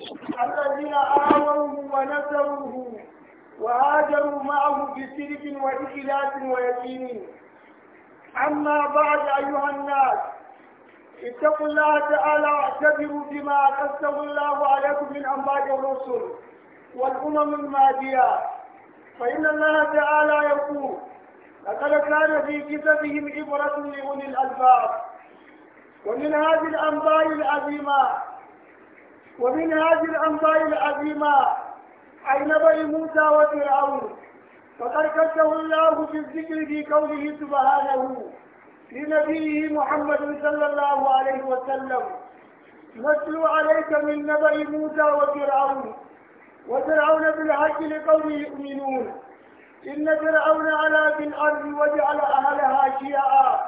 الذين آووه ونصروه وهاجروا معه بسلف وإخلاص ويقين أما بعد أيها الناس اتقوا الله تعالى واعتبروا بما قسم الله عليكم من أنباء الرسل والأمم الماضية فإن الله تعالى يقول لقد كان في كتبهم عبرة لأولي الألباب ومن هذه الأنباء العظيمة ومن هذه الأنباء العظيمة أي نبأ موسى وفرعون فقد كتبه الله في الذكر في قوله سبحانه لنبيه محمد صلى الله عليه وسلم نتلو عليك من نبأ موسى وفرعون وفرعون بالحق لقوم يؤمنون إن فرعون على في الأرض وجعل أهلها شيعا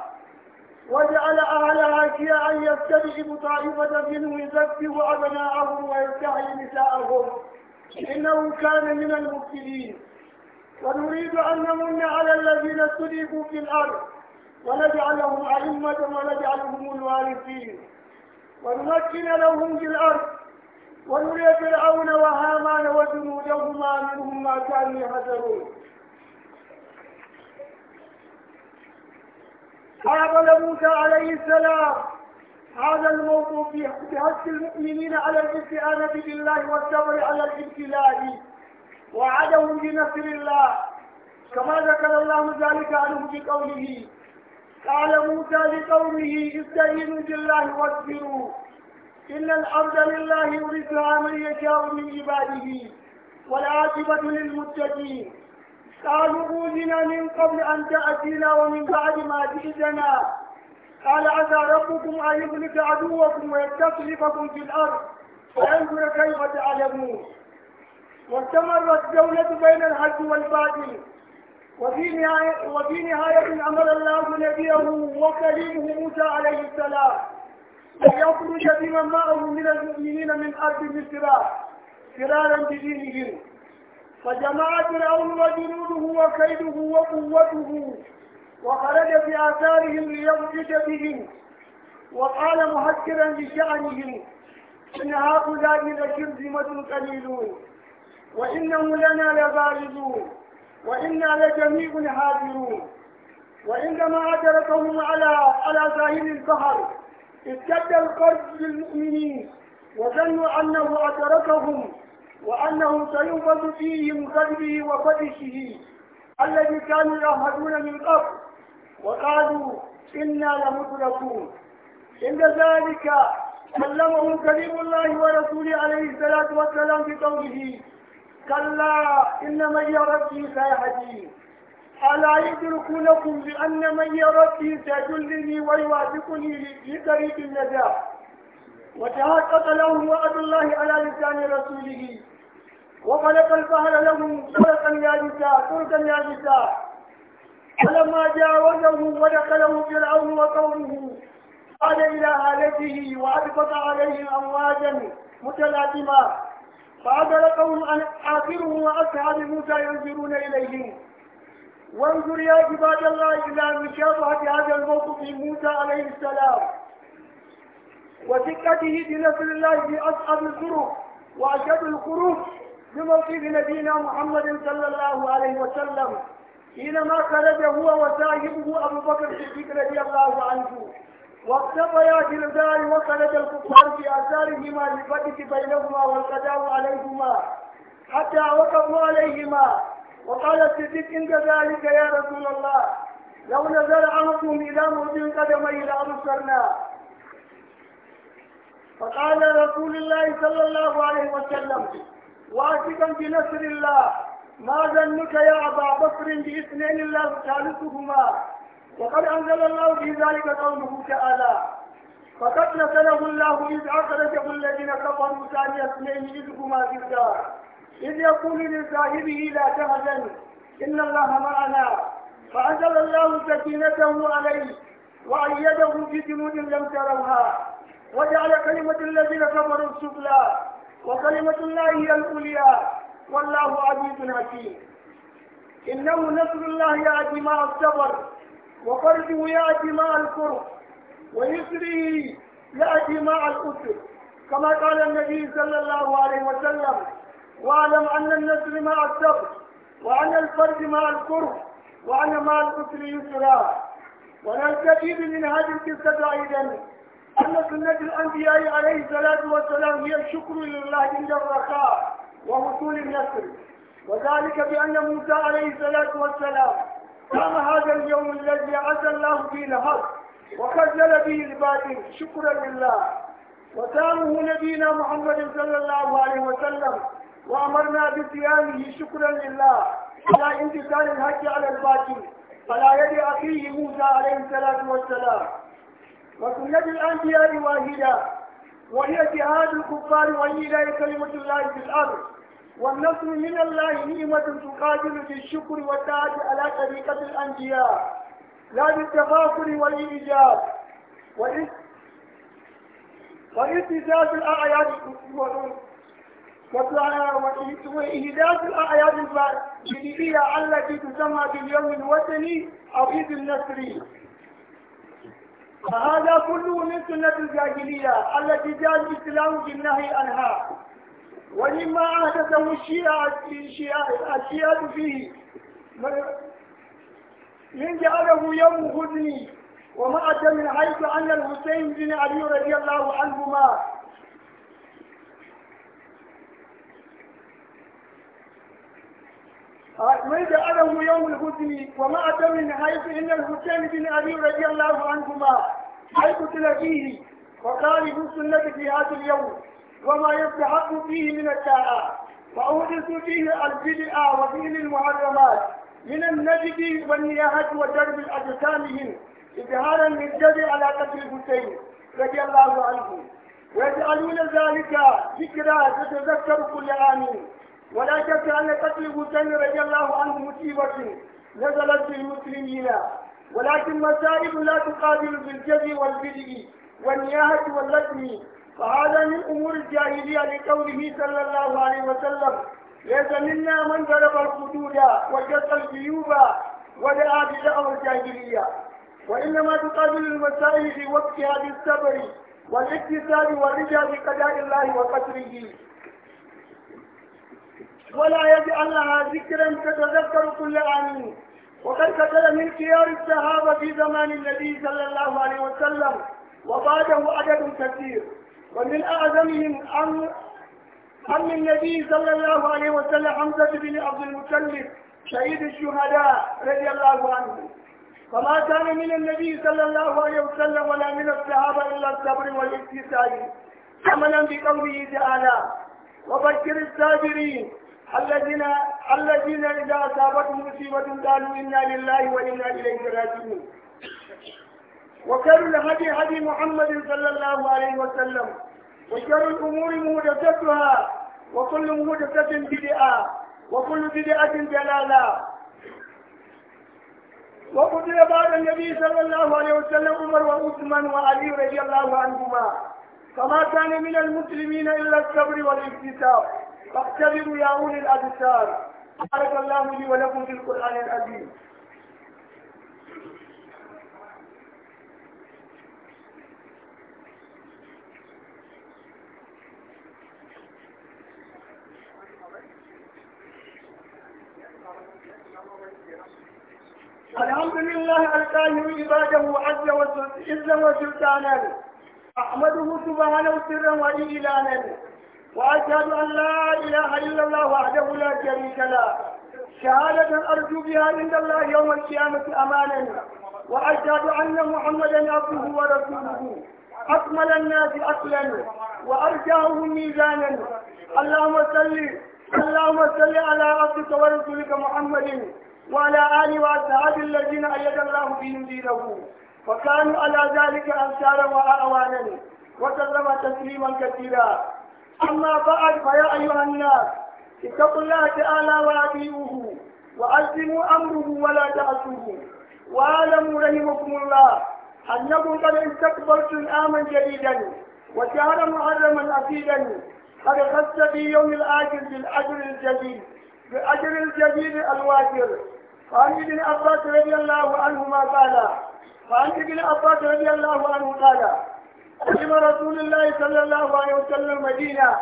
وجعل أهلها شيعا يستدعب طائفة منه يذبح أبناءهم ويستحي نساءهم إنه كان من المفسدين ونريد أن نمن على الذين استضيفوا في الأرض ونجعلهم أئمة ونجعلهم الوارثين ونمكن لهم في الأرض ونري فرعون وهامان وجنودهما منهم ما كانوا يحذرون حاول موسى عليه السلام هذا الموضوع بحث المؤمنين على الاستعانة بالله والصبر على الابتلاء وعدهم بنصر الله كما ذكر الله ذلك عنه بقوله قال موسى لقومه استعينوا بالله واصبروا إن الأرض لله يرثها من يشاء من عباده والعاقبة للمتقين قالوا أوذنا من قبل أن تأتينا ومن بعد ما جئتنا قال عسى ربكم أن يهلك عدوكم ويستخلفكم في الأرض فينظر كيف تعلمون واستمرت الدولة بين الحج والباطل وفي نهاية, وفي نهاية أمر الله نبيه وكريمه موسى عليه السلام أن يخرج بمن معه من المؤمنين من أرض مصر فرارا بدينهم فجمع فرعون وجنوده وكيده وقوته وخرج بآثارهم ليبطش بهم وقال مهكرا لشأنهم إن هؤلاء لشرذمة قليلون وإنهم لنا لبارزون وإنا لجميع حاضرون وعندما أدركهم على على ساحل البحر اشتد القرب للمؤمنين وظنوا أنه أدركهم وأنه سينفذ فيه مكذبه وفتشه الذي كانوا يعهدون من قبل وقالوا إنا لمدركون عند ذلك كلمهم كريم الله ورسوله عليه الصلاة والسلام بقوله كلا إن من يربي سيهدين ألا يدركونكم بأن من يربي سيجلني ويوافقني لطريق النجاح وتحقق له وعد الله على لسان رسوله وخلق البحر لهم طرقا يابسا طرقا يابسا فلما جاوزه ودخله فرعون وقومه قال إلى هالته وادبط عليهم أمواجا متلازمه قوم فأدركهم آخره وأصحاب موسى ينظرون إليهم وانظر يا عباد الله إلى مشابهة هذا الموقف موسى عليه السلام وثقته بنصر الله في أصعب الظروف وأشد الخروج بموقف نبينا محمد صلى الله عليه وسلم حينما خرج هو وصاحبه أبو بكر الصديق رضي الله عنه واقتفيا في الدار وخرج الكفار في آثارهما للفتك بينهما والقضاء عليهما حتى وقفوا عليهما وقال الصديق عند ذلك يا رسول الله لو نزل عنكم إلى موضع قدمي لأبصرنا فقال رسول الله صلى الله عليه وسلم واثقا بنصر الله ما ظنك يا أبا بكر باثنين الله ثالثهما وقد أنزل الله في ذلك قوله تعالى فقد نسله الله إذ أخرجه الذين كفروا ثاني اثنين إذ هما في الدار إذ يقول لصاحبه لا تهزن إن الله معنا فأنزل الله سكينته عليه وأيده بجنود لم تروها وجعل كلمة الذين كفروا السفلى وكلمة الله هي العليا والله عزيز حكيم إنه نصر الله يأتي مع الصبر وفرجه يأتي مع الكرب ويسره يأتي مع الأسر كما قال النبي صلى الله عليه وسلم واعلم أن النصر مع الصبر وأن الفرج مع الكرب وأن مع الأسر يسرا ونلتقي هذه القصة أيضا أن سنة الأنبياء عليه الصلاة والسلام هي الشكر لله عند الرخاء ووصول النصر وذلك بأن موسى عليه الصلاة والسلام قام هذا اليوم الذي عز الله فيه الحق وخجل به الباطل شكرا لله وسامه نبينا محمد صلى الله عليه وسلم وأمرنا بصيامه شكرا لله على انتصار الحج على الباطل على يد أخيه موسى عليه الصلاة والسلام وسنة الأنبياء واحدة وهي جهاد الكفار وإلى كلمة الله في الأرض والنصر من الله نعمة تقاتل بالشكر والدعاء على طريقة الأنبياء لا بالتفاخر والإيجاب وإهتزاز الأعياد وإهداف الأعياد البديهية التي تسمى باليوم الوطني أو عيد النصري فهذا كله من سنة الجاهلية التي جاء الإسلام بالنهي عنها ومما أحدثه الشيعة الشيعة فيه من جعله يوم حزني وما أتى من حيث أن الحسين بن علي رضي الله عنهما أدم يوم الهدن وما أدم من حيث إن الحسين بن أبي رضي الله عنهما حيث تلقيه وقال في السنة في هذا اليوم وما يستحق فيه من الساعة وأوجس فيه البدعة وفيه المحرمات من النجد والنياحة وضرب الأجسامهم إظهارا للجد على قتل الحسين رضي الله عنه ويجعلون ذلك ذكرى تتذكر كل آمين ولا شك أن قتل حسين رضي الله عنه مصيبة نزلت بالمسلمين ولكن مسائل لا تقابل بالجد والبدء والنياهة واللجم فهذا من أمور الجاهلية لقوله صلى الله عليه وسلم ليس منا من ضرب الحدود وجد الجيوب ودعا بدعوى الجاهلية وإنما تقابل المسائل في وقتها بالصبر والاكتساب والرجاء بقضاء الله وقدره ولا يجعلها ذكرا تتذكر كل عام وقد كتل من خيار الصحابة في زمان النبي صلى الله عليه وسلم وبعده عدد كثير ومن أعظمهم عن عم النبي صلى الله عليه وسلم حمزة بن عبد المطلب شهيد الشهداء رضي الله عنه فما كان من النبي صلى الله عليه وسلم ولا من الصحابة إلا الصبر والابتسام ثمنا بقوله تعالى وبشر الصابرين الذين الذين إذا أصابتهم مصيبة قالوا إنا لله وإنا إليه راجعون وكان الهدي هدي محمد صلى الله عليه وسلم وشر الأمور مهدفتها وكل مهدفة بدعة وكل بدعة جلالة وقتل بعد النبي صلى الله عليه وسلم عمر وعثمان وعلي رضي الله عنهما فما كان من المسلمين إلا الصبر والاكتساب فاعتبروا يا أولي الأبصار بارك الله لي ولكم في القرآن العظيم الحمد لله الكائن عباده عز وجل عز وسلطانا احمده سبحانه سرا واعلانا وأشهد أن لا إله إلا الله وحده لا شريك له شهادة أرجو بها عند الله يوم القيامة أمانا وأشهد أن محمدا عبده ورسوله أكمل الناس أكلا وأرجاهم ميزانا اللهم صل اللهم صل على عبدك ورسولك محمد وعلى آله وأصحابه الذين أيد الله بهم دينه وكانوا على ذلك أنصارا وأعوانا وسلم تسليما كثيرا أما بعد فيا أيها الناس اتقوا الله تعالى وأطيعوه وألزموا أمره ولا تعصوه واعلموا رحمكم الله أنكم قد استقبلتم عاما جديدا وشهرا محرما أكيدا قد خص في يوم الآخر بالأجر الجديد بأجر الجديد الواجر وعن ابن عباس رضي الله عنهما قال وعن ابن عباس رضي الله عنه قال قدم رسول الله صلى الله عليه وسلم المدينة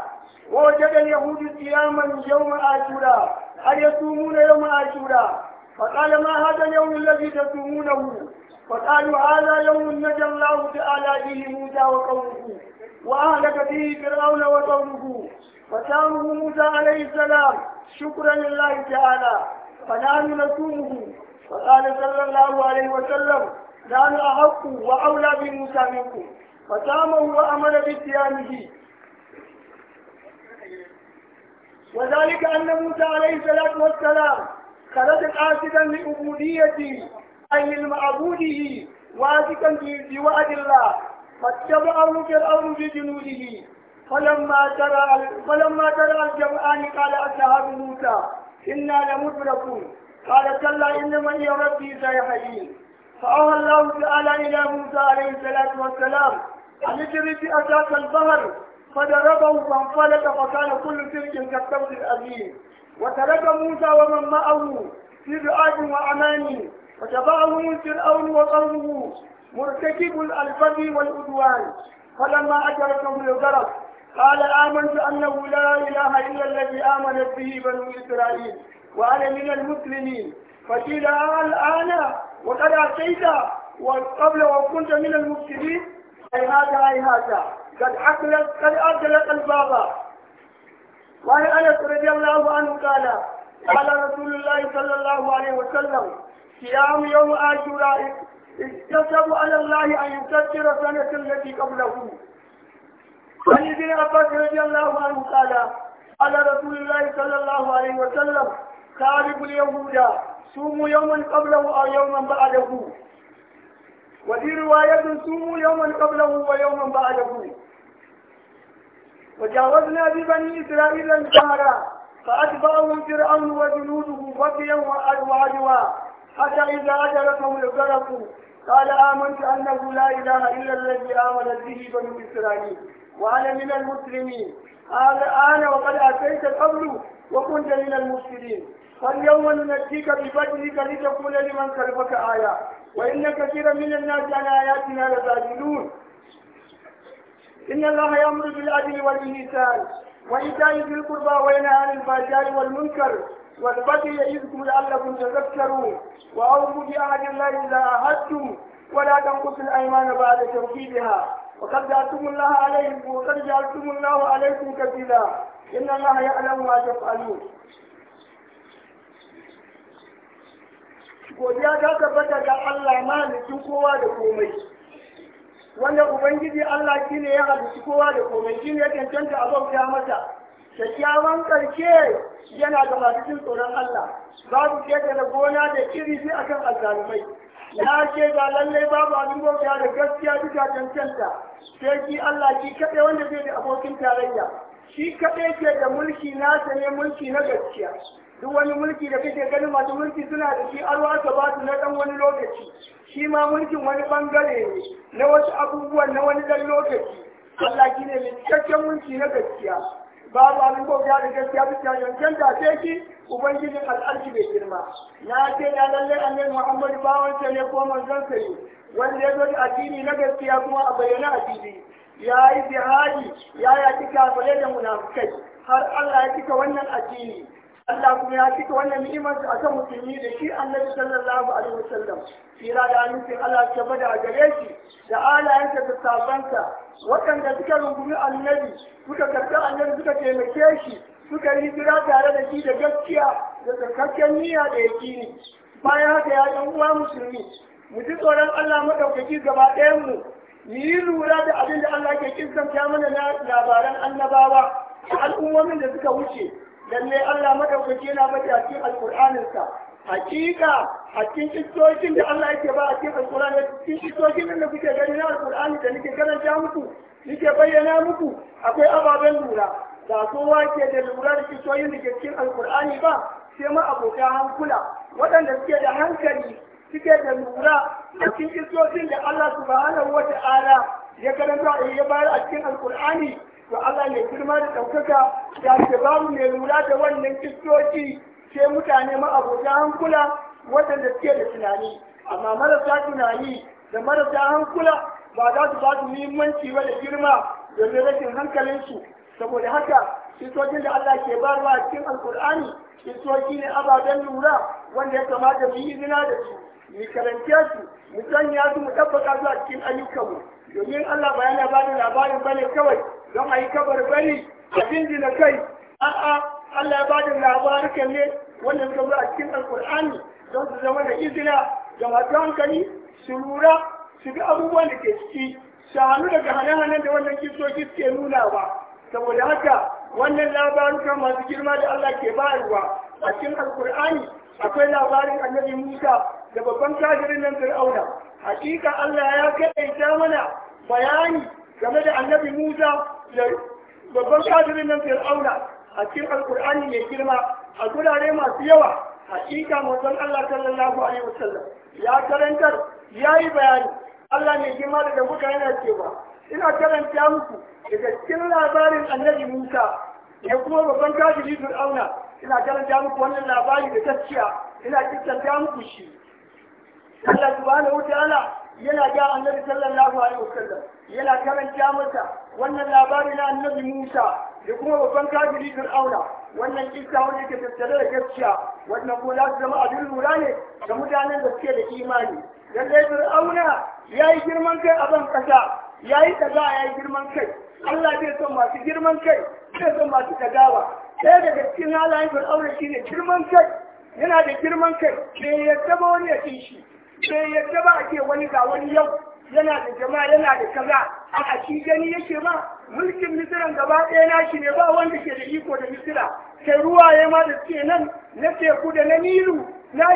ووجد اليهود صياما يوم عاشوراء أي يصومون يوم عاشوراء فقال ما هذا اليوم الذي تصومونه فقالوا هذا يوم نجى الله تعالى به موسى وقومه وأهلك به فرعون وقومه فصامه موسى عليه السلام شكرا لله تعالى فنحن نصومه فقال صلى الله عليه وسلم نحن أحق وأولى بموسى منكم فصامه وأمر بصيامه وذلك أن موسى عليه الصلاة والسلام خرج قاصدا لعبوديته أي لمعبوده واثقا بوعد الله فاتبعه فرعون بجنوده فلما ترى فلما ترى الجمعان قال أصحاب موسى إنا لمدركون قال كلا إنما يا ربي سيحيي فأوحى الله تعالى إلى موسى عليه الصلاة والسلام في بأداة البهر فضربه فانفلت فكان كل سلك كالثور الأبيض وترك موسى ومن معه في رعاج وأمان وتبعهم فرعون وقومه مرتكب الألفظ والعدوان فلما أجركه الغرق قال آمنت أنه لا إله إلا الذي آمنت به بنو إسرائيل وأنا من المسلمين فقيل آه، الآن وقد أتيت وقبل وكنت من المفسدين أي هذا أي هذا قد حقلت قد أغلق البابا وعن أنس رضي الله عنه قال قال رسول الله صلى الله عليه وسلم صيام يوم عاشوراء اكتسب على الله أن يكثر سنة التي قبله عن ابن عباس رضي الله عنه قال قال رسول الله صلى الله عليه وسلم خالق اليهود صوموا يوما قبله أو يوما بعده وفي رواية صوموا يوما قبله ويوما بعده وجاوزنا ببني إسرائيل البحر فأتبعهم فرعون وجنوده بكيا وعدوا حتى إذا أدركهم الغرق قال آمنت أنه لا إله إلا الذي آمن به بنو إسرائيل وأنا من المسلمين هذا أنا وقد أتيت قبل وكنت من المفسدين فاليوم ننجيك ببدنك لتكون لمن خلفك آية وإن كثيرا من الناس عن آياتنا لباذلون إن الله يأمر بالعدل والإحسان وإيتاء ذي القربى وينهى عن الفحشاء والمنكر والبغي يعظكم لعلكم تذكرون وأوفوا بعهد الله إذا عاهدتم ولا تنقصوا الأيمان بعد توكيدها وقد جعلتم الله عليكم وقد جعلتم الله عليكم كفيلا إن الله يعلم ما تفعلون godiya ta tabbata ga Allah malikin kowa da komai wanda ubangiji Allah ne ya halitta kowa da komai ne ya cancanta a bauta masa kyakkyawan karshe yana da masu jin tsoron Allah babu keta da gona da iri shi akan azzalumai ya ce ga lallai babu abin bauta da gaskiya duka cancanta sai shi Allah shi kaɗai wanda zai da abokin tarayya shi kaɗai ke da mulki nasa ne mulki na gaskiya duk wani mulki da kake ganin masu mulki suna da shi arwa ta ba su na ɗan wani lokaci shi ma mulkin wani bangare ne na wasu abubuwan na wani ɗan lokaci Allah shi ne mai cikakken mulki na gaskiya babu abin ya da gaskiya bisa yankin da sai shi ubangijin al'arki bai girma na ce ya lallai annabi muhammadu bawansa ne ko manzon sa ne wanda ya zo da addini na gaskiya kuma a bayyana addini ya yi jihadi ya yaki kafirai da munafukai har Allah ya cika wannan addini Allah kuma ya cika wannan ni'imar a kan musulmi da shi annabi sallallahu alaihi wasallam fira da nufin Allah ta bada a gare shi da alayensa da sabansa waɗanda suka rungumi annabi suka karɓi annabi suka taimake shi suka yi hijira tare da shi da gaskiya da tsakakken niyya da yakini bayan haka ya ɗan uwa musulmi mu ji tsoron Allah maɗaukaki gaba ɗayan mu mu yi lura da abin da Allah ke kisanta mana labaran annabawa da al'ummomin da suka wuce lalle Allah madaukake yana bada a cikin sa hakika a cikin kistocin da Allah yake ba a cikin alƙur'ani cikin kistocin da kuke gani na alƙur'ani da nake karanta muku nake bayyana muku akwai ababen lura ba kowa ke da lura da cikin da cikin alƙur'ani ba sai ma abokan hankula waɗanda suke da hankali suke da lura a cikin kistocin da Allah subhanahu wa ta'ala ya karanta ya bayar a cikin alƙur'ani to Allah mai girma da ɗaukaka ya ce babu ne lura da wannan kistoci sai mutane ma'abota hankula waɗanda suke da tunani amma marasa tunani da marasa hankula ba za su ba su muhimmanci ba da girma domin rashin hankalinsu saboda haka kistocin da Allah ke ba a cikin alkur'ani kistoci ne ababen lura wanda ya kamata mu yi izina da su mu karance su mu sanya su mu ɗabbaka su a cikin ayyukanmu domin Allah ba yana ba da labarin ne kawai don a yi bari a jinjina kai a'a Allah ya ba da labarukan ne wanda suka zo a cikin alkur'ani don su zama da izina da masu hankali su lura su ga abubuwan da ke ciki su daga hane-hanen da wannan kisoki suke nuna ba saboda haka wannan labarukan masu girma da Allah ke bayarwa a cikin alkur'ani akwai labarin annabi Musa da babban kafirin nan Fir'auna hakika Allah ya kaɗaita mana bayani game da annabi Musa babban kafirin nan fir'auna a cikin alkur'ani mai girma a gurare masu yawa hakika manzon Allah sallallahu alaihi wasallam ya karantar ya yi bayani Allah mai girma da kuka yana cewa ina karanta muku daga cikin labarin annabi Musa ya kuma babban kafiri fir'auna ina karanta muku wannan labari da gaskiya ina kikkanta muku shi Allah subhanahu wa ta'ala yana ga annabi sallallahu alaihi wasallam yana karanta masa wannan labari na annabi Musa da kuma babban kafiri Fir'auna wannan kissa wanda ke tattare da gaskiya wannan ko za su zama abin lura ne ga mutanen da suke da imani lallai Fir'auna ya yi girman kai a ban kasa ya yi kaza ya yi girman kai Allah zai son masu girman kai zai son masu tagawa ɗaya daga cikin halayen Fir'auna shine girman kai yana da girman kai bai ya taba wani ya shi bai yadda ba a wani ga wani yau yana da jama'a yana da kaza a shi gani yake ma mulkin misiran gaba ɗaya na shi ne ba wanda ke da iko da misira kai ruwaye ma da suke nan na teku da na nilu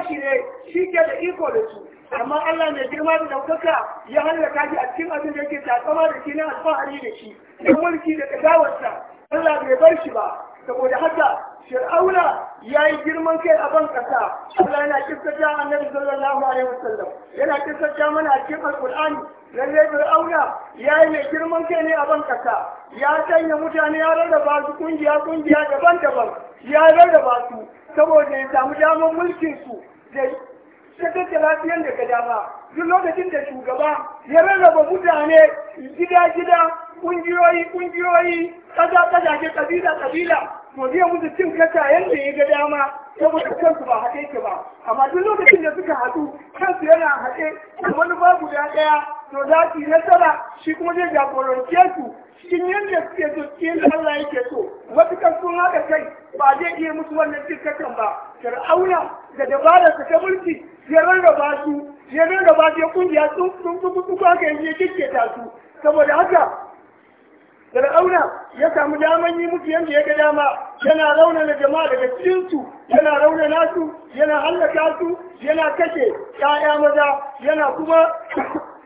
shi ne shi ke da iko da su amma Allah mai girma da daukaka ya hallaka shi a cikin abin da yake takama da shi na alfahari da shi da mulki da kadawarsa Allah bai bar shi ba saboda haka Shir'auna ya yi girman kai a ban ƙasa Allah yana kisata annabi sallallahu alaihi wasallam yana kisata mana a cikin alqur'ani lallai fir'auna ya yi mai girman kai ne a ban ƙasa ya sanya mutane ya rarraba su kungiya kungiya daban-daban ya rarraba su saboda ya samu damar mulkin su da ta lafiyar da dama duk lokacin da shugaba ya rarraba mutane gida-gida kungiyoyi kungiyoyi kaza ke kabila kabila mu zai musu cin kasa yadda ya ga dama saboda kansu ba haɗe ke ba amma duk lokacin da suka haɗu kansu yana haɗe wani ba guda ɗaya to za su yi nasara shi kuma zai jagorance su cikin yadda suke so cikin Allah yake so wasu sun haɗa kai ba zai iya musu wannan cin kasan ba fir'auna da dabararsa ta mulki ya rarraba su ya rarraba su ya kungiya sun kuku kuku haka yanzu ya ta su saboda haka auna ya samu daman yi mutu yadda ya ga dama yana rauna na jama'a daga cikinsu yana raunana su yana hallaka su yana kashe ƴaƴa maza yana kuma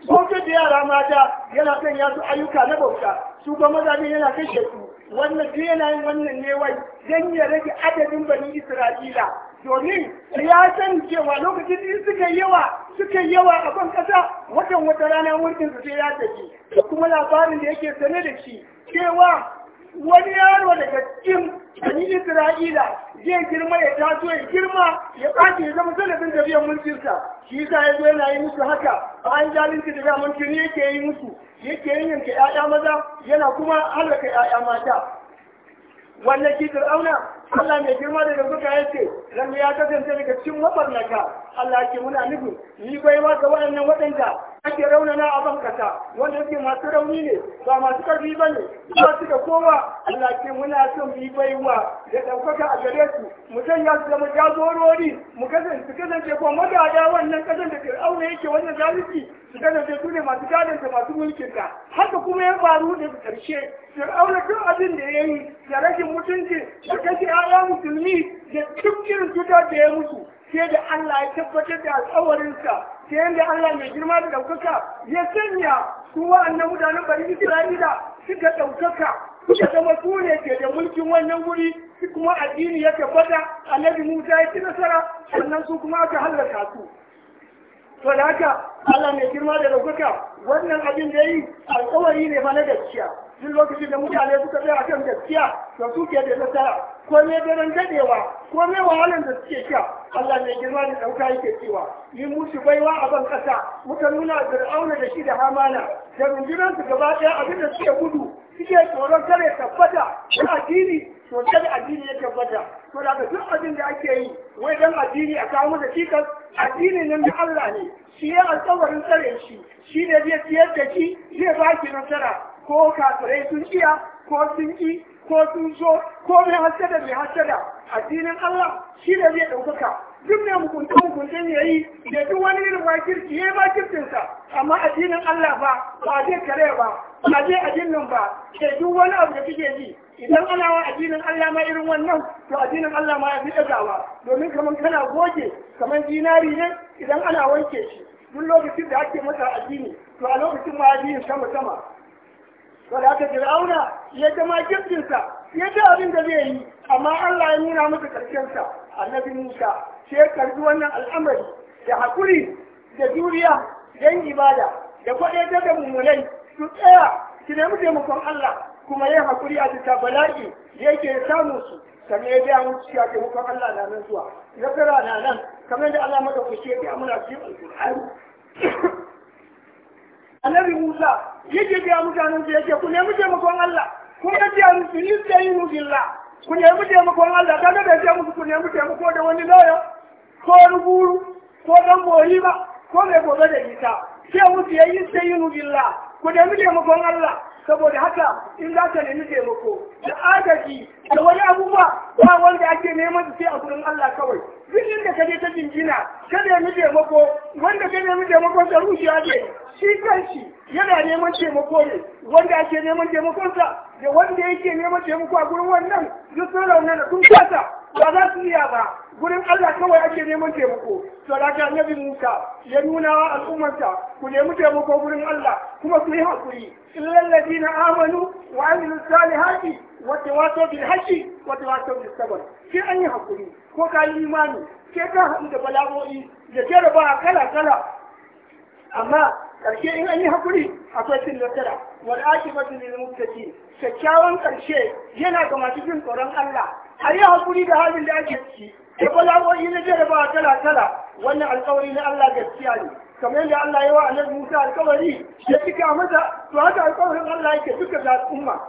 sokar da yara mata yana sanya su ayyuka na bauta su ba maza ne yana kashe su wannan duk yana yin wannan ne wai dan rage adadin bani Isra'ila domin ya san cewa lokacin da suka yawa suka yawa a kan kasa watan wata rana mulkin su sai ya tafi kuma labarin da yake sane da shi cewa wani yaro daga cikin bani isra'ila zai girma ya taso ya girma ya ɓace ya zama sanadin tafiyar mulkinsa shi yasa ya zo yana yi musu haka an jalinci da daman tuni yake yi musu yake yin yanka 'ya'ya maza yana kuma halaka 'ya'ya mata wannan shi fir'auna Allah mai girma da yanzu ya ce ran ya kasance daga cikin mabarnaka Allah ke muna nufin ni bai ba ga waɗannan waɗanda ake raunana a bankasa wanda yake masu rauni ne ba masu karfi ba ne ba su da kowa Allah ke muna son bi baiwa da ɗaukaka a gare su mu sanya su zama jagorori mu kasance kasance ko magada wannan kasan da fir'auna yake wannan zalunci su kasance su ne masu gadon da masu mulkin ka. haka kuma ya faru da karshe fir'auna duk abin da ya yi da rashin mutunci da kashe 'ya'ya musulmi da duk cutar da ya mutu sai da Allah ya tabbatar da alƙawarinsa sai yadda Allah mai girma da ɗaukaka ya sanya su wa'annan mutanen bari Isra'ila suka ɗaukaka suka zama su ne ke da mulkin wannan wuri, su kuma addini ya tabbata annabi Musa ya ci nasara sannan su kuma aka hallaka su. To da haka Allah mai girma da ɗaukaka wannan abin da yi alƙawari ne fa na gaskiya. Duk lokacin da mutane suka tsaya kan gaskiya to su ke da nasara. Ko komai daren dadewa komai wahalar da suke sha Allah mai girma da dauka yake cewa yi musu baiwa a ban kasa muka nuna fir'auna da shi da hamana da rundunar su gaba daya abin da suke gudu suke tsoron kare tabbata da addini to da addini ya tabbata to da duk abin da ake yi wai dan addini a kawo da cikas addini nan na Allah ne shi ya alƙawarin tsare shi shi ne zai ciyar da shi zai ba shi nasara ko kafirai sun iya ko sun ko so ko mai hasada mai hasada addinin Allah shi ne zai ɗaukaka duk ne mukunta mukuntan ya yi da duk wani irin wakirci ya yi wakircinsa amma addinin Allah ba ba zai kare ba ba zai addinin ba da duk wani abu da kike ji idan ana wa addinin Allah ma irin wannan to addinin Allah ma ya fi ɗagawa domin kamar kana goge kamar dinari ne idan ana wanke shi duk lokacin da ake masa addini to a lokacin ma addinin sama sama wadda aka auna, ya gama jirginsa ya ji abin da zai yi amma Allah ya nuna masa karshensa annabi Musa sai ya karbi wannan al'amari da hakuri da juriya don ibada da kwaɗe da mummunai su tsaya su nemi taimakon Allah kuma yin hakuri a cikin bala'i yake samun su kamar ya biya musu cewa taimakon Allah na nan zuwa nasara na nan kamar da Allah madaukaki ya biya muna cikin alkur'ani annabi Musa yake biya mutanen su yake ku nemi taimakon Allah ku kun ga ta sai mu billah ku nemi taimakon Allah kaga da ya musu ku nemi taimako da wani lawyer ko ruburu ko dan boyi ba ko mai gobe da ita sai musu yayi sai mu billah ku nemi taimakon Allah saboda haka in za ka nemi taimako da agaji da wani abubuwa ba wanda ake neman su sai a gurin Allah kawai duk inda ka je ta jingina ka nemi taimako wanda ka nemi taimako sa rushiya ne shi kanshi yana neman taimako ne wanda ake neman taimakonsa da wanda yake neman taimako a gurin wannan duk sun raunana sun kasa ba za su iya ba gurin Allah kawai ake neman taimako ga nabi Musa ya nuna wa al'ummarsa ku nemi taimako gurin Allah kuma su yi hakuri illal na amanu wa amilus salihati wa wato bil haqqi wa wato bis sabr Ke an yi hakuri ko ka yi imani ke ka haɗu da bala'o'i da ke ba kala kala amma karshe in an yi hakuri akwai cin nasara wal akibatu lil muttaqin kyakkyawan karshe yana ga masu jin tsoron Allah a yi haƙuri da halin da ake ciki da bala'o'i na jarabawa kala kala wannan alƙawari na Allah gaskiya ne kamar yadda Allah ya wa annabi Musa alƙawari ya cika masa to haka alƙawarin Allah yake duka da al'umma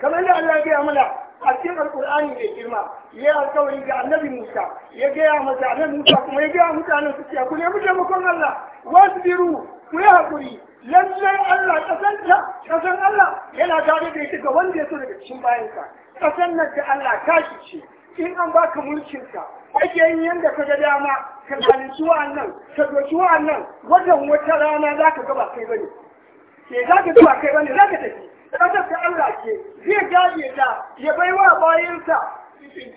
kamar yadda Allah ya gaya mana a cikin alƙur'ani mai girma ya yi alƙawari ga annabi Musa ya gaya a nan Musa kuma ya gaya mutanen su cewa ku nemi taimakon Allah wasu biru ku yi haƙuri lallai Allah kasanta kasan Allah yana tare da ita ga wanda mulkin bayansa ƙasar nan ta Allah tashi ce in an baka mulkinka ake yin yadda ka ga dama ka zalunci wa'annan ka doki wa'annan wajen wata rana za ka gaba kai bane ke za ka gaba kai bane za ka tafi ƙasar ta Allah ce zai gaje ta ya bai wa bayansa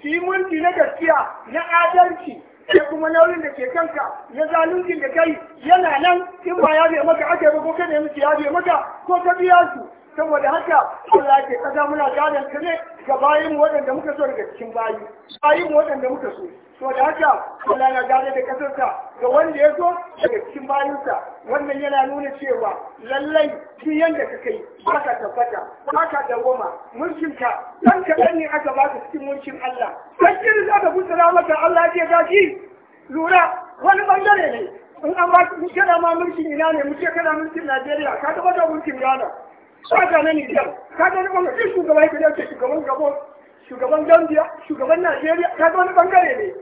ki mulki na gaskiya na adalci sai kuma nauyin da ke kanka na zaluncin da kai yana nan in ba ya maka aka yi ba ko kada ya maka ya maka ko ta biya su saboda haka Allah ke kaza muna gadon ka ne ga bayin waɗanda muka so daga cikin bayi bayin waɗanda muka so da haka Allah na gane da kasarsa ga wanda ya so daga cikin bayinsa wannan yana nuna cewa lallai duk yanda ka kai ba ka tabbata ba ka dawoma mulkinka ɗan kaɗan ne aka ba ka cikin mulkin Allah kan za ka gutsura maka Allah ya gaji lura wani bangare ne in an ba kana ma mulkin ina ne muke kana mulkin Najeriya ka tabbata mulkin Ghana soja na Nijar ka ga wani bangare shugaban yake ke shugaban Gabon shugaban Gambia shugaban Najeriya ka ga wani bangare ne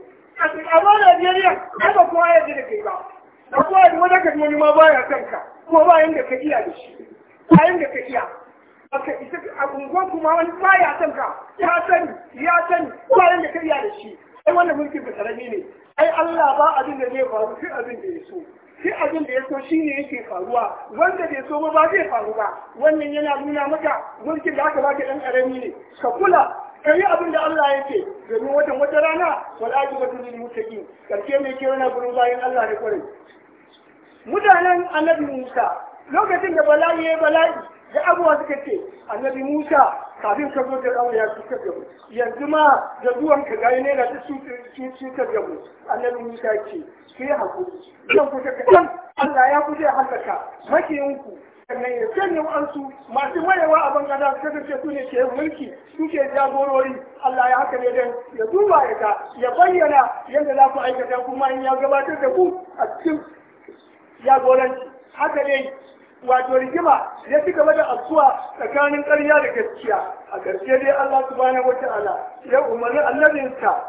a ba Najeriya ka ba kowa ya ji da kai ba da kuma da wani ka wani ma baya son ka kuma ba yanda ka iya da shi ba yanda ka iya aka isa a unguwar kuma wani baya son ka ya sani ya sani ba yanda ka iya da shi ai wannan mulkin basarami ne ai Allah ba abin da zai faru sai abin da ya so sai abin da ya so shi ne yake faruwa wanda bai so ba zai faru ba wannan yana nuna maka mulkin da aka baka dan karami ne ka kula kai abin da Allah ya ce domin watan wata rana wal aqibatu lil muttaqin karshe mai kira na gurin bayan Allah da kware mutanen annabi Musa lokacin da bala'i ya bala'i da abuwa suka ce annabi Musa kafin ka zo fir'aun ya cutar da mu yanzu ma da zuwan ka ne naira ta cutar da mu annabi musa ce ke hakuri zan kuka kaɗan allah ya kuce Maki makiyinku sannan ya sanya wa'ansu masu mayewa a bangana su kasance su ne ke mulki suke jagorori Allah ya haka ne dan ya duba ya ga ya bayyana yadda za ku aikata kuma in ya gabatar da ku a cikin jagoranci haka ne wato rigima ya ci gaba da asuwa tsakanin ƙarya da gaskiya a gaske dai Allah subhanahu wata'ala ya umarni annabinsa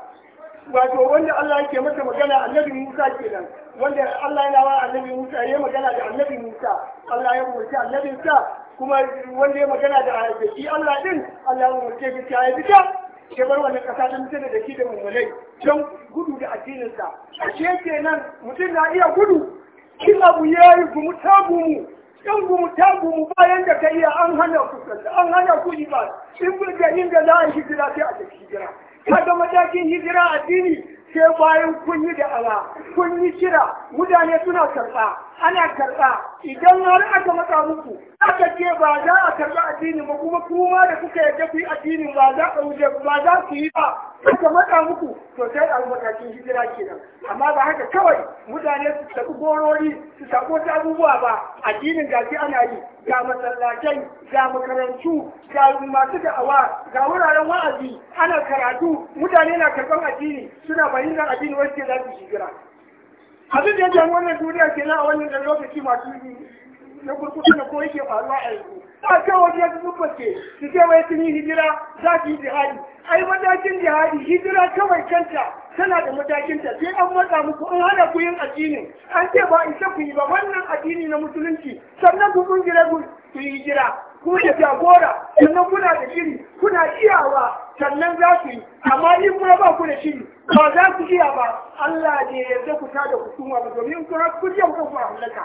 wato wanda Allah yake masa magana annabi Musa kenan wanda Allah yana wa annabi Musa ya magana da annabi Musa Allah ya umarci annabinsa kuma wanda ya magana da shi Allah din Allah ya umarce shi ya fita ke bar wannan kasa ta mutum da shi da mummunai don gudu da addininsa a kenan mutum na iya gudu Kin abu ya yi gumu ta gumu in gumu ta gumu bayan da ka iya an hana ku kanta an hana ku ibada in ku ga inda za a hijira sai a tafi hijira ga matakin hijira addini sai bayan kun yi da ala kun yi kira mutane suna karɓa ana karɓa idan wani aka matsa muku aka ce ba za a karɓa addini ba kuma kuma da kuka yarda ku yi addinin ba za a wuce ba za ku yi ba aka matsa muku to sai a matakin hijira kenan amma ba haka kawai mutane su tafi gorori su tafi wata abubuwa ba addinin gashi ana yi ga masallatai ga makarantu ga masu da'awa ga wuraren wa'azi ana karatu mutane na karɓar addini suna fahimtar addini wasu ke za su hijira abin da ya jami wannan duniya ke na a wannan da lokaci masu yi na kurkuku da ko yake faruwa a yanzu a kawo wajen su zuba ke su ce wai sun yi hijira za su yi jihadi ai matakin jihadi hijira kawai kanta tana da matakinta sai an matsa muku an hana ku yin addini. an ce ba isa ku yi ba wannan addini na musulunci sannan ku kungiyar ku yi hijira ku da jagora sannan kuna da shiri kuna iyawa sannan za su yi amma in kuma ba ku da shiri ba za ku iya ba Allah ne ya yarda ku ta da hukuma ba domin ku har ku yau ku halaka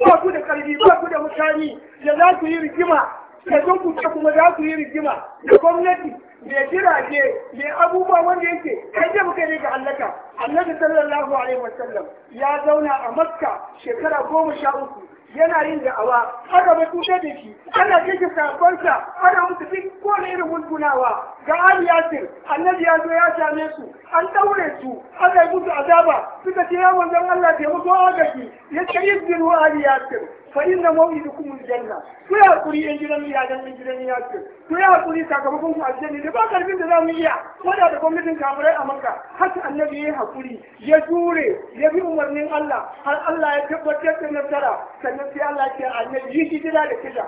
ba ku da karfi ba ku da mutane da za ku yi rigima da zan ku ce kuma za ku yi rigima da gwamnati da jirage da abubuwa wanda yake kai da muka ne ga halaka annabi sallallahu alaihi wasallam ya zauna a makka shekara goma sha uku yana yin da'awa aka bai kuka da shi ana keke sakonsa ana musu fi kone irin mulkunawa ga Ali Yasir annabi ya zo ya same su an daure su aka yi musu azaba suka ce ya manzon Allah taimako agaji ya ce izgin Ali Yasir fa inna maw'idukum aljanna ku ya hakuri yan gidan ya dan yan gidan ya ce ku ya hakuri sakamakon ku aljanna da ba karfin da zamu iya wanda da gwamnatin kafirai a Makka haka annabi ya hakuri ya jure ya bi umarnin Allah har Allah ya tabbatar da nasara sannan sai Allah ya ce annabi yi gida da kisa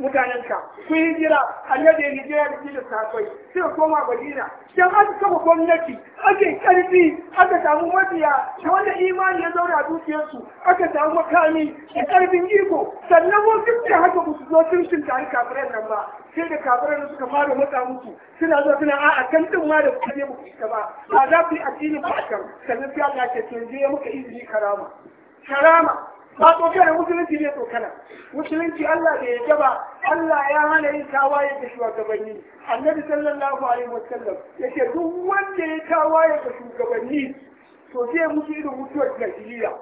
mutanenka ku yi jira annabi ya jira da shi da safai sai koma madina dan aka kafa gwamnati ake karfi aka samu mabiya da wanda imani ya zauna a dukiyarsu aka samu makami da karfin iko sannan mun duk haka musu zo sun cin har kafiran nan ba sai da kafiran suka fara mata musu suna zo suna a a kan din ma da kuke ba ku ba ba za ku yi addini ba kan sannan sai Allah ke tunje muka izini karama ba tsokana musulunci ne tsokana musulunci Allah da ya ba Allah ya hana yin tawaye da shugabanni annabi sallallahu alaihi wasallam yace duk wanda ya tawaye da shugabanni to zai mutu irin mutuwar jahiliya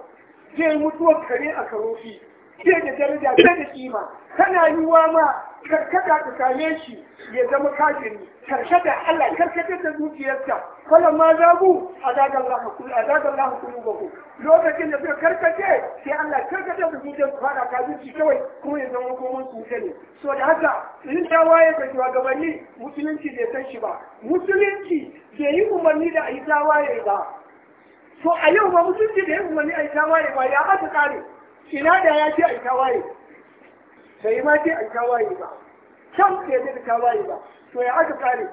zai mutuwar kare a karofi sai da daraja sai da kima kana wa ma karkata ta same shi ya zama kafiri karkata Allah karkata ta zuciyarsa kala ma zabu azagallahu kul azagallahu ku. lokacin da suka karkace sai Allah karkata da zuciyarsa fara ka zuci kawai kuma ya zama komai kuce ne so da haka yin tawaye ga shugabanni musulunci bai san shi ba musulunci bai yi umarni da a yi waye ba so a yau ba musulunci da yin umarni a yi waye ba ya ba ta kare ina da ya ce a tawaye bai ma ce a tawaye ba can bai ce a tawaye ba to ya aka kare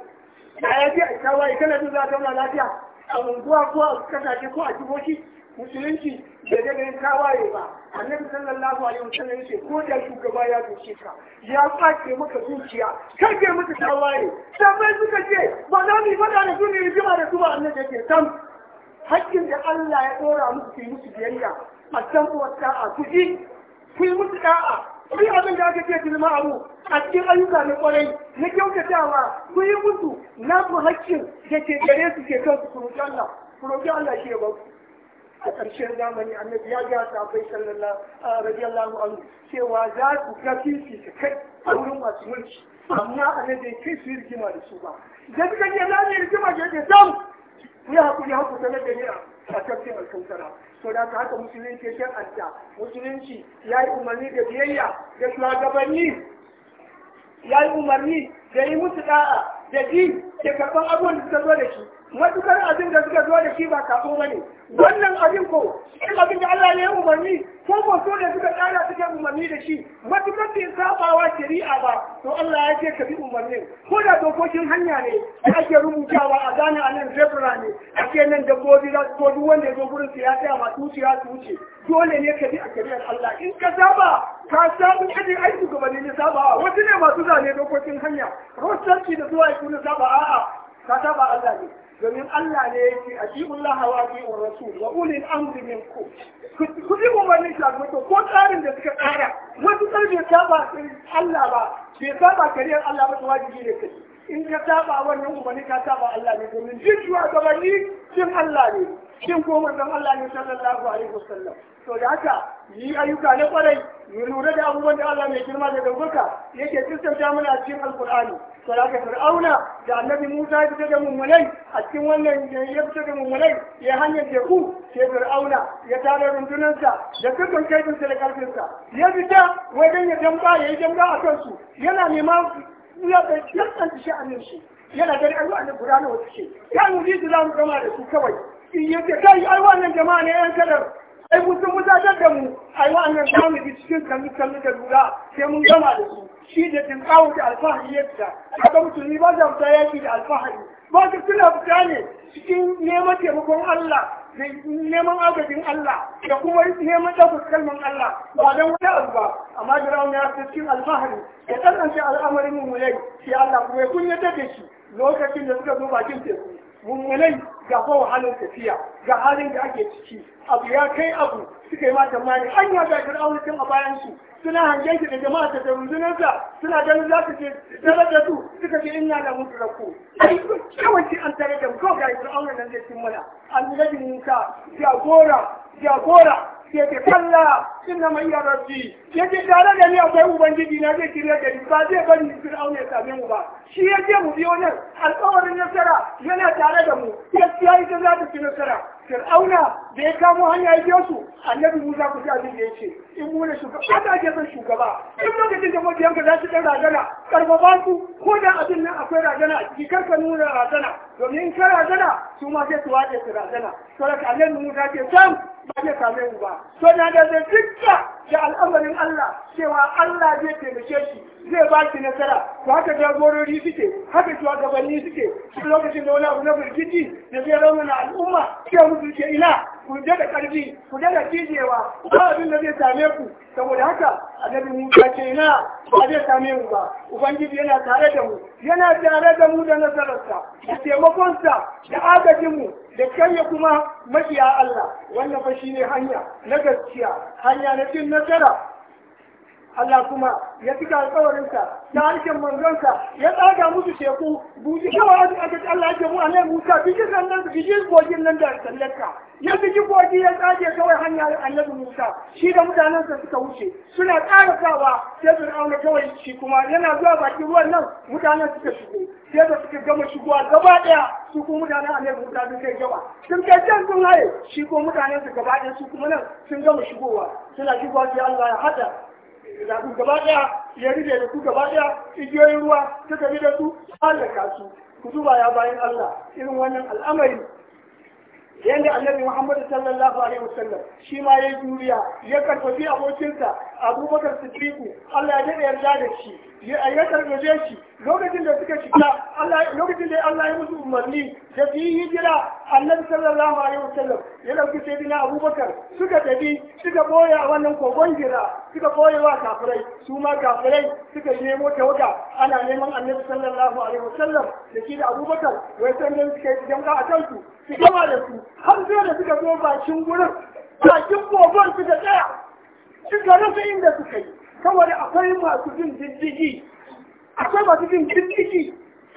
da ya ce a tawaye kana jin za ka lafiya a unguwa ko a kasashe ko a jihohi musulunci bai daga yin tawaye ba annabi sallallahu alaihi wasallam yace ko da shugaba ya doke ka ya kwace maka zuciya kan ke maka tawaye sabai suka je ba za mu yi fada da su ne rigima da su ba annabi yake sam hakkin da Allah ya dora musu su yi musu biyayya A san السمع والساعة تجي في مسكاعة في abin da aka ce bil abu, a cikin ayyuka na kwarai na kyautatawa ku yi musu na ku hakkin da ke gare su ke kansu ku roƙi Allah ku roƙi Allah shi ya ba a ƙarshen zamani annabi ya ga sahabbai sallallahu radiyallahu anhu cewa za ku ga fifi ta kai a wurin masu mulki amma annabi kai su yi rigima da su ba da suka je za su yi rigima ke ke samu ya haƙuri haƙuri sanar da ni'a a tafsir al so da ka haka musulunci ya shar'anta musulunci ya yi umarni da biyayya da shugabanni ya yi umarni da yi musu da'a da ji da karɓar abubuwan da suka zo da shi matukar abin da suka zo da shi ba kafo ba ne wannan abin ko in abin da Allah ya yi umarni ko ko so da suka tsara suke umarni da shi matukar bai sabawa shari'a ba to Allah ya ce ka bi umarnin ko da dokokin hanya ne da ake rubutawa a gane a nan zebra ne ake nan da za ko duk wanda ya zo gurin su ya tsaya masu wuce ya tuci dole ne ka bi a shari'ar Allah in ka saba ka samu kaje ai shugabanni ne saba wasu ne masu zane dokokin hanya rostanci da zuwa ya kuna saba a'a ka saba Allah ne domin Allah ne yake a cikin hawa biyun rasu wa ulil amri minkum ku ji umarnin shagumato ko tsarin da suka tsara wasu tsarbe ta ba Allah ba bai saba kariyar Allah ba wajibi ne kai in ka saba wannan umarni ka saba Allah ne domin jin zuwa gabanni jin Allah ne jin ko don Allah ne sallallahu alaihi wasallam to da haka yi ayyuka na kwarai mu lura da abubuwan da Allah mai girma da dauka yake tsintanta mana a cikin alkur'ani sarakar fir'auna da annabi Musa ya fita da mummunai a cikin wannan ya fita da mummunai ya hanyar teku ke fir'auna ya tara rundunansa da dukkan kaifinsa da karfinsa ya fita wajen ya jamba ya yi jamba a kansu yana neman ya bai yankan shi a nan shi yana gani ai wannan guda nawa suke ya nuri su za mu gama da su kawai in ta yi ai jama'a ne yan kadar ai mutum mutatar da mu ai wannan za mu cikin kalli kalli da lura sai mun gama da su shi da tinkawo da alfahari ya fita kaga musulmi ba za mu ta yaki da alfahari ba su suna fita ne cikin neman taimakon Allah da neman agajin Allah da kuma neman ɗaukar kalman Allah ba don wani abu ba amma Fir'aun ya fi cikin alfahari ya tsananta al'amarin mummunai sai Allah kuma ya kunyata da shi lokacin da suka zo bakin teku mummunai ga fa halin tafiya ga halin da ake ciki abu ya kai abu suka yi ma tamani an da ga fir'auna tun a bayansu suna hangen shi da jama'a ta runzunarsa suna ganin za su je tare da su suka ce inna la mudraku ai yawanci an tare da mu ko ga fir'auna nan zai cin mana an annabi Musa jagora jagora sai ta kalla na mai ya rabbi tare da ni akwai ubangiji na zai kire da ni ba zai bari fir'auna ya same mu ba shi ya ce mu biyo nan alƙawarin nasara yana tare da mu gaskiya ita za ta fi nasara fir'auna da ya kamo hanya ya biyo su annabi musa ku ji abin da ya ce in mu ne shugaba ba ake son shugaba in lokacin da mabiyanka za su ɗan ragana karfafa su ko da abin nan akwai razana ki ciki karka nuna ragana domin in ka ragana su ma sai su wace su ragana saboda annabi musa ke sam ba zai same mu ba so na da zai da al'amarin Allah cewa Allah zai taimake shi zai ba shi nasara Ko haka jagorori suke haka gabanni suke shi lokacin da wani abu na birgiji da zai na al'umma sai musu ke ina ku daga karfi ku daga kijewa ba abin da zai same ku saboda haka annabi Musa ce ina ba zai same mu ba ubangiji yana tare da mu yana tare da mu da nasararsa da taimakonsa da agajinmu da karya kuma makiya Allah wannan fa shine hanya na gaskiya hanya na cin nasara Allah kuma ya cika alkawarinsa ta harshen manzonsa ya tsaga musu teku buji kawai cikin Allah ya mu annabi Musa biji nan biji gogin nan da sallarka ya biji gogi ya tsage kawai hanya Allah Musa shi da mutanensa suka wuce suna sawa sai auna kawai shi kuma yana zuwa bakin ruwan nan mutanen suka shigo sai da suka gama shigowa gaba daya su kuma mutanen annabi Musa sun kai gaba sun kai can sun haye shi kuma mutanen su gaba daya su kuma nan sun gama shigowa suna shigowa sai Allah ya hada da gaba ɗaya ya rige da ku gaba ɗaya igiyoyin ruwa suka bi da su halaka su ku duba ya bayan Allah irin wannan al'amari yanda annabi Muhammadu sallallahu alaihi wasallam shi ma yi juriya ya karfafi abokinsa Abubakar sifiku Allah ya dade yarda da shi ya karfafe shi lokacin da suka shiga Allah lokacin da Allah ya musu umarni da su yi hijira annabi sallallahu alaihi wasallam ya dauki sayyidina Abubakar suka tafi suka boye a wannan kogon jira suka boye wa kafirai su ma kafirai suka nemo tawaga ana neman annabi sallallahu alaihi wasallam da shi da Abubakar wai sannan suka yi jam'a a kansu su gama da su har sai da suka zo bakin gurin bakin gogon suka tsaya suka rasa inda suka yi saboda akwai masu jin diddigi akwai masu jin diddigi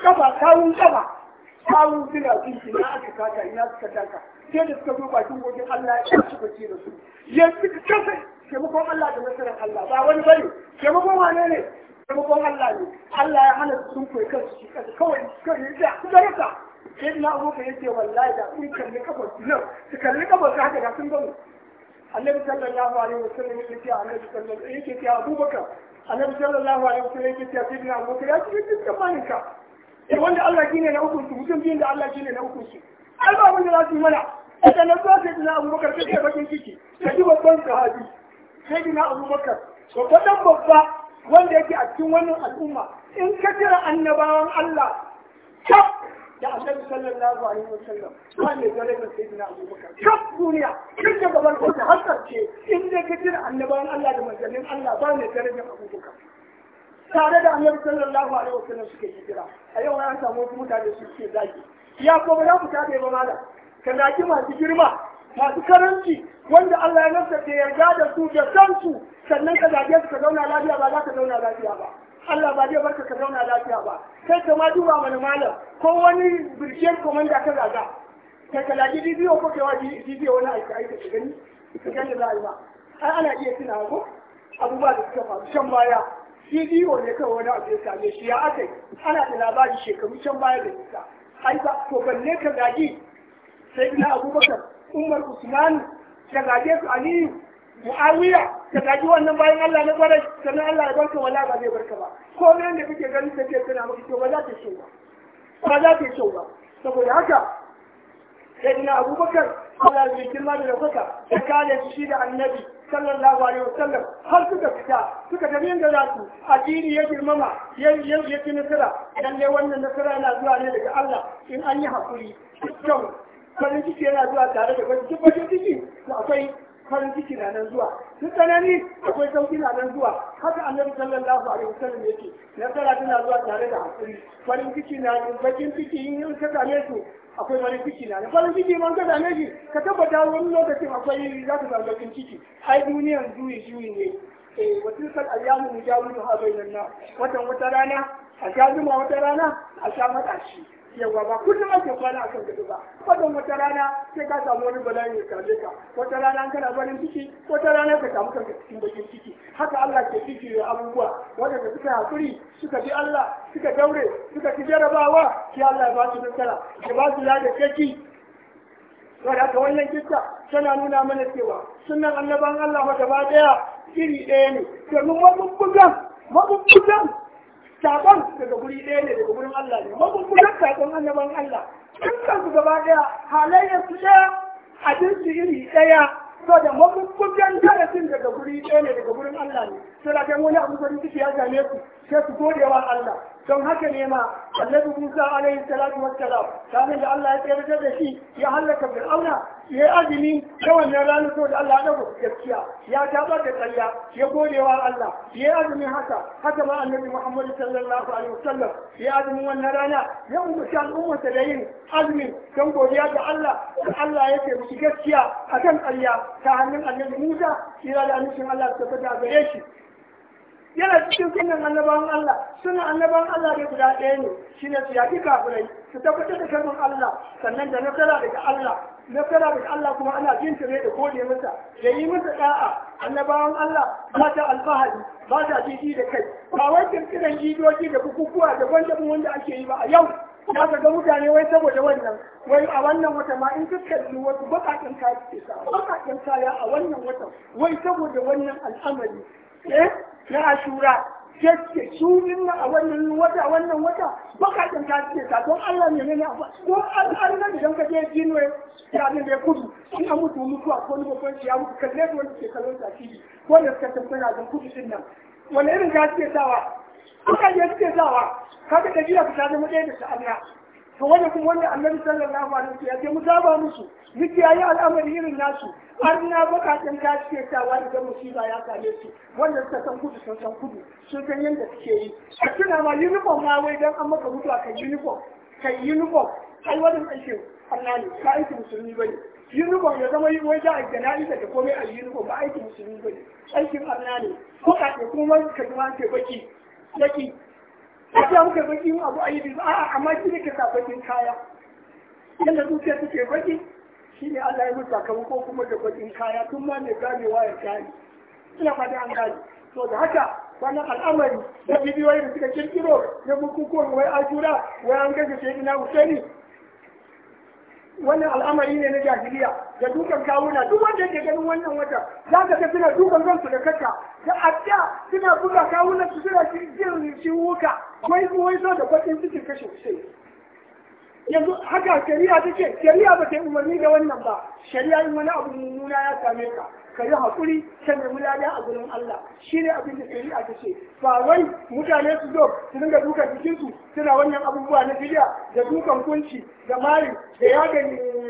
kafa kawun kafa kawun suna jin shi na aka kaka ina suka taka sai da suka zo bakin gogon Allah ya ci bace da su yanzu ka kasa taimakon Allah da nasarar Allah ba wani bane taimakon wane ne taimakon Allah ne Allah ya hana su sun koyi kansu shi kawai kawai ya ga rasa sai na abu ka yace wallahi da kun kalli kafar nan su kalli kafar ka haka da sun gano annabi sallallahu alaihi wasallam yake cewa annabi sallallahu yake cewa abubakar annabi sallallahu alaihi wasallam yake cewa sidna abubakar ya ce dukkan maninka eh wanda Allah shine na hukunci mutum biyun da Allah shine na hukunci ai ba wanda za su yi mana da na zuwa sai dina abubakar sai ka ce bakin ciki ka ji babban sahabi sai dina abubakar babban dan babba wanda yake a cikin wannan al'umma in ka kira annabawan Allah kaf da annabi sallallahu alaihi wasallam ba ne gare da sai na abubakar kaf duniya duk da gaban ko ta ce, in dai ka jira annabawan Allah da manzannin Allah ba ne gare da abubakar tare da annabi sallallahu alaihi wasallam suke hijira a yau an samu wasu mutane su suke zaki ya ko ba za mu tabe ba mala ka zaki masu girma masu karanci wanda Allah ya nasa da yarda da su da san su sannan ka zage su ka zauna lafiya ba za ka zauna lafiya ba Allah ba zai barka ka zauna lafiya ba kai ka duba mana malam ko wani birkiyar komanda ka zaga kai ka lagi bidiyo ko kai waji bidiyo wani aiki aiki ka gani ka gani za a yi ba ai ana iya tuna ko abubuwa da suka faru can baya bidiyo ne kawai wani abu ya same shi ya aka ana da labari shekaru can baya da nisa ai ba to balle ka zagi sai ina abubakar umar usman ka zage su aliyu mu'awiya ka tafi wannan bayan Allah na kwarai sannan Allah ya barka wala ba zai barka ba ko nan da kake ganin ta ce tana to ba za ta ce ba ba za ta ce ba saboda haka sai na abubakar Allah ya girma da daukaka ya kare shi da annabi sallallahu alaihi wasallam har suka fita suka tafi inda za su addini ya girmama ya ya ci nasara dan dai wannan nasara yana zuwa ne daga Allah in an yi hakuri kyau farin ciki yana zuwa tare da farin ciki to akwai farin ciki na nan zuwa duk tsanani akwai sauki na nan zuwa haka annabi sallallahu alaihi wasallam yake nasara tana zuwa tare da hakuri farin ciki na bakin ciki in ka same su akwai farin ciki na nan farin ciki man ka same shi ka tabbata wani lokacin akwai za ka samu bakin ciki ai duniyan juyi juyi ne eh watilkal ayyamu mujawiluha bainan nas watan wata rana a sha zuma wata rana a sha matashi yawa ba kullum ake kwana akan gudu ba wannan wata rana sai ka samu wani bala'i ya same ka wata rana kana barin ciki wata rana ka samu kanka cikin bakin ciki haka Allah ke ciki da abubuwa wanda suka hakuri suka bi Allah suka daure suka ci jarabawa sai Allah ya ba su nasara ya ba su lada keki wanda ka wannan kissa tana nuna mana cewa sunan annaban Allah gaba daya iri ɗaya ne domin mabubbugan mabubbugan sakon daga guri ɗaya ne daga gurin Allah ne magungunan sakon annaban Allah dukkan su gaba ɗaya halayyar su ɗaya abinci iri ɗaya so da magungunan darasin daga guri ɗaya ne daga gurin Allah ne so da wani abu farin ciki ya same su sai su gode wa Allah don haka ne ma annabi Musa alaihi salatu wassalam kafin da Allah ya tsayar da shi ya halaka Fir'auna ya yi azumi ta wannan ranar so da Allah ya dago gaskiya ya taɓa da tsalla ya godewa Allah ya yi azumi haka haka ma annabi Muhammadu sallallahu alaihi wasallam ya azumin wannan rana ya umarci al'ummarsa da yin azumi don godiya ga Allah da Allah ya taimaki gaskiya akan tsalla ta hannun annabi Musa shi da annabi Allah ta fada gare shi yana cikin sunan annabawan Allah sunan annabawan Allah da guda ɗaya ne Shi shine su yaƙi kafirai su tabbatar da kalmar Allah sannan da nasara daga Allah nasara daga Allah kuma ana jin tare da gode masa da yi masa da'a annabawan Allah ba ta alfahari ba ta jiji da kai ba wai kirkiran jidoji da bukukuwa daban-daban wanda ake yi ba a yau za ka ga mutane wai saboda wannan wai a wannan wata ma in suka yi wasu baƙaƙen kaya a wannan wata, wai saboda wannan al'amari eh na ashura yake sunin a wannan wata wannan wata bakatan ta ce ta don Allah ne ne ko an an nan idan ka je jinwe ya ne da kudu in an mutu mutuwa ko kwani bakon ya mutu kalle ko wanda ke kallon ta shi ko da suka tabbata da kudu din nan wani irin ta ce ko ka je suke wa, ka ta gina ku ta zama ɗaya da ta Allah to wani kuma wani annabi sallallahu alaihi wasallam ya ce mu saba musu miki yayi al'amari irin nasu har na bukatun cike ta wani da musiba ya same su Wannan ta san kudu sun san kudu sun san yadda suke yi a tuna ma uniform ma wai dan an maka mutuwa kan uniform kan uniform kai wani aikin Allah ne Ka aiki musulmi bane uniform ya zama yi wai da a jana'iza da komai a uniform ba aiki musulmi bane aikin Allah ne ko ka kuma ka ji ma ce baki baki a ce muka mu abu a a amma shi ne ke sa bakin kaya yadda zuciya take baki shi ne Allah ya mutu sakamako kuma da bakin kaya tun ma mai ganewa ya gane ina fata an gane to da haka wannan al'amari da bidiyoyi da suka kirkiro da bukukuwan wai ajura wai an gaza sai ina husaini wannan al'amari ne na jahiliya da dukan kawuna duk wanda yake ganin wannan wata za ka ga suna dukan kansu da kaka da adda suna buga kawunan su suna jin ciwuka wai wai so da kwatin cikin kashe kusai yanzu haka shari'a take shari'a ba ta umarni da wannan ba shari'a in wani abu mummuna ya same ka ka yi haƙuri ka nemi a gurin Allah shi ne abin da shari'a ta ce ba wai mutane su zo su dinga dukan jikinsu suna wannan abubuwa na fiya da dukan kunci da mari da ga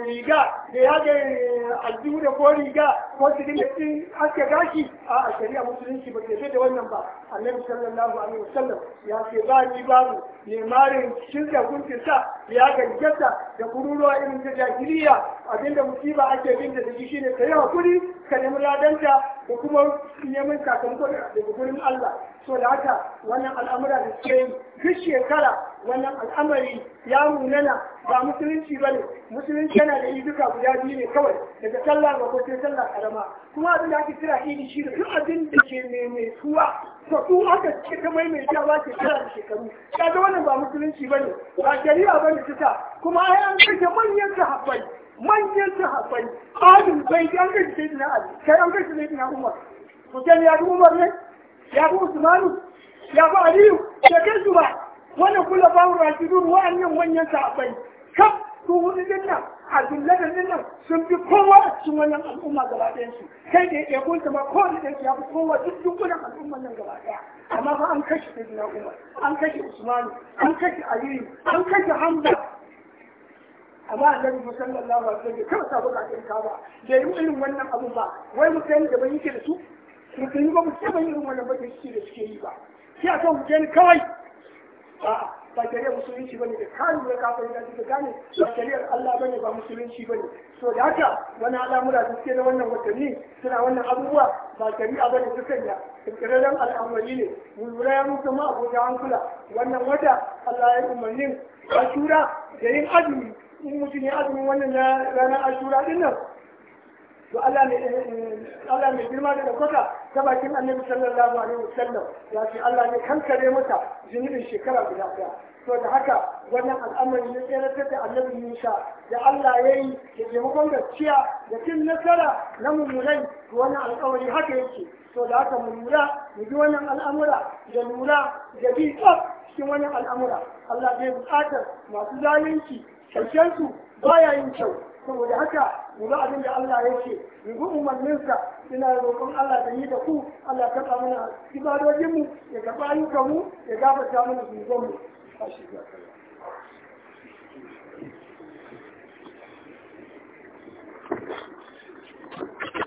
riga da yagan aljihu da ko riga ko su dinga cin aske gashi a shari'a musulunci ba ke da wannan ba annabi sallallahu alaihi wasallam ya ce ba ni babu limarin shirya gunkinsa ya gaggata da kururuwa irin ta jahiliya abinda musiba ake binta da shi shine ka yi hakuri ka nemi ladanta ko kuma neman sakamako daga gurin Allah so da haka wannan al'amura da suke yi, duk shekara wannan al'amari ya munana ba musulunci ba ne musulunci yana da iduka guda biyu ne kawai daga sallah ga ko sallah karama kuma abin da ake kira idi shi da duk abin da ke mai suwa to su aka ce ta mai mai jawa ke kira da shekaru kaga wannan ba musulunci ba ne ba shari'a ba ne ta kuma ai an kashe manyan sahabbai manyan sahabbai Adam, bai an kashe sai dina ali kai an kashe sai dina umar hotel ya umar ne ya fi usmanu ya fi aliyu Ya shekarsu ba wani kula ba wa wa'annan manyan sabai kaf su hudu din nan a dulladan din nan sun bi kowa a cikin wannan al'umma gaba ɗayan su kai da ya kunta ma kowane da ya fi kowa duk dukkanin al'umman nan gaba ɗaya amma fa an kashe sayyidina umar an kashe usmanu an kashe aliyu an kashe hamza amma annabi mu sallallahu alaihi wasallam kawai sabo ka kin kaba da yi irin wannan abun ba wai mu kai da ban yake da su mu ba mu ce ban irin wannan ba da suke da suke yi ba Shi a kan mu kai kawai A'a, ba shari'ar musulunci bane da kanu ya kafa da kika gane ba shari'ar Allah bane ba musulunci bane so da haka wani al'amura da suke na wannan watanni suna wannan abubuwa ba shari'a bane su sanya kirkirarren al'amari ne mu lura ya mutu ma abokan hankula wannan wata Allah ya umarnin ashura da yin azumi in mutum ya azumin wannan ranar ashura din nan to Allah mai girma da kwata ta bakin Annabi sallallahu alaihi wasallam ya ce Allah ne kankare mata zunubin shekara guda daya to da haka wannan al'amari ne tsere da Annabi Musa da Allah ya yi da taimakon gaskiya da cin nasara na mummunai to wannan alƙawari haka yake to da haka mu lura mu bi wannan al'amura da lura da bi tsaf cikin wannan al'amura Allah bai buƙatar masu zalunci karshen baya yin kyau saboda haka mu abin da Allah ya ce mu bi umarninsa ina roƙon Allah da yi da ku Allah ta karɓa mana ibadojin mu ya karɓa ayyukan mu ya gafarta mana zunuban mu